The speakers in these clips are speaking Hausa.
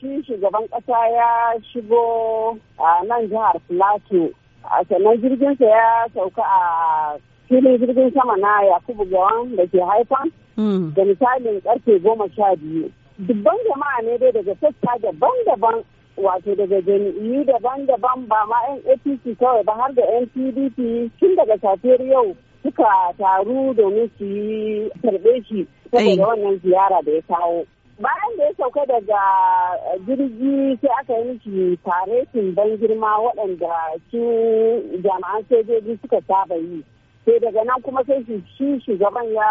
shi shugaban kasa ya shigo a nan jihar Filato. A sannan jirginsa ya sauka a filin jirgin sama na Yakubu Gawan da ke haifan hmm. da misalin karfe goma sha biyu. Dubban jama'a ne dai daga sassa daban-daban wato daga jami'i daban-daban ba ma 'yan APC kawai ba har da 'yan PDP tun daga safiyar yau suka taru domin su yi karɓe shi saboda wannan ziyara da ya kawo. bayan da ya sauka daga eh, jirgi sai aka yi mishi faretin ban girma waɗanda su jama'an sojoji suka saba yi sai daga nan kuma sai shi shi shugaban ya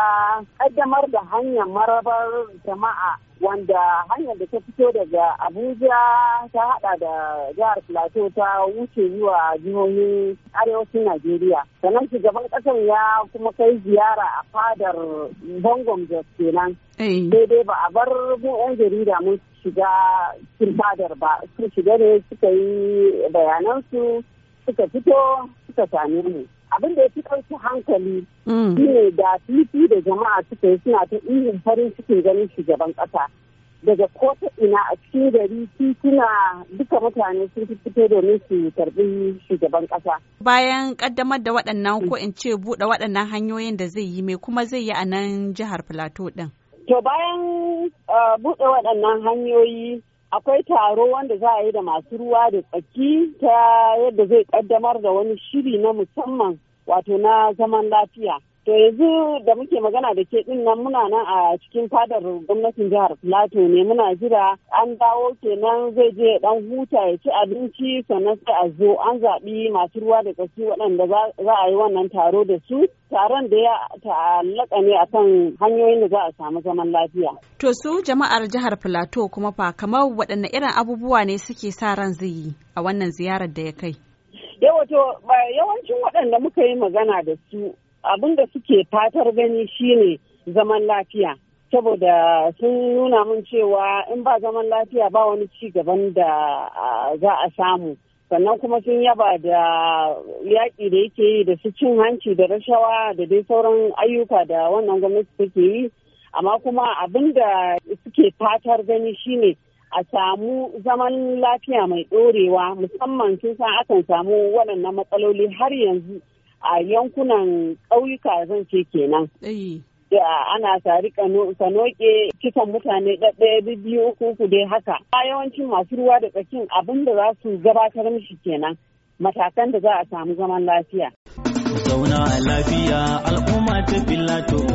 kaddamar da hanyar marabar jama'a wanda hanyar da ta fito daga abuja ta hada da jihar plateau ta wuce zuwa jihohin arewacin najeriya sannan shugaban kasar ya kuma kai ziyara a fadar bangon da kenan daidai eh. ba a bar mu yan jarida mun shiga cikin fadar ba Su shiga ne suka yi bayanansu suka fito suka same mu abin da ya fi kansu hankali mm. ne da fifi da jama'a suka yi suna ta irin farin cikin ganin shugaban ƙasa daga kota ina a cikin gari tituna duka mutane sun fi fito domin su karbi shugaban ƙasa. bayan kaddamar da waɗannan mm. ko in ce buɗe waɗannan hanyoyin da zai yi mai kuma zai yi a nan jihar plateau ɗin. to bayan uh, buɗe waɗannan hanyoyi akwai taro wanda za a yi da masu ruwa da tsaki ta yadda zai kaddamar da wani shiri na musamman wato na zaman lafiya To yanzu da muke magana da ke din nan muna nan a cikin fadar gwamnatin jihar Plateau ne muna jira an dawo kenan zai je dan huta ya ci abinci sannan sai a zo an zaɓi masu ruwa da kasu waɗanda za a yi wannan taro da su taron da ya ta'allaka ne kan hanyoyin da za a samu zaman lafiya. To su jama'ar jihar Plateau kuma fa kamar waɗanne irin abubuwa ne suke sa ran zai yi a wannan ziyarar da ya kai. yawancin waɗanda muka yi magana da su abin da suke fatar gani shine zaman lafiya saboda sun nuna mun cewa in ba zaman lafiya ba wani ci gaban da za a samu sannan kuma sun yaba da yaƙi da yake yi da su cin hanci da rashawa da dai sauran ayyuka da wannan gwamnati take yi amma kuma abin da suke fatar gani shine a samu zaman lafiya mai ɗorewa musamman sun san akan samu waɗannan matsaloli har yanzu a yankunan ƙauyuka zan ce kenan. ana tari kanoke kisan mutane ɗaɗɗaya biyu uku uku dai haka. A yawancin masu ruwa da tsakin abin da za su gabatar mishi kenan matakan da za a samu zaman lafiya. Zauna a lafiya al'umma ta filato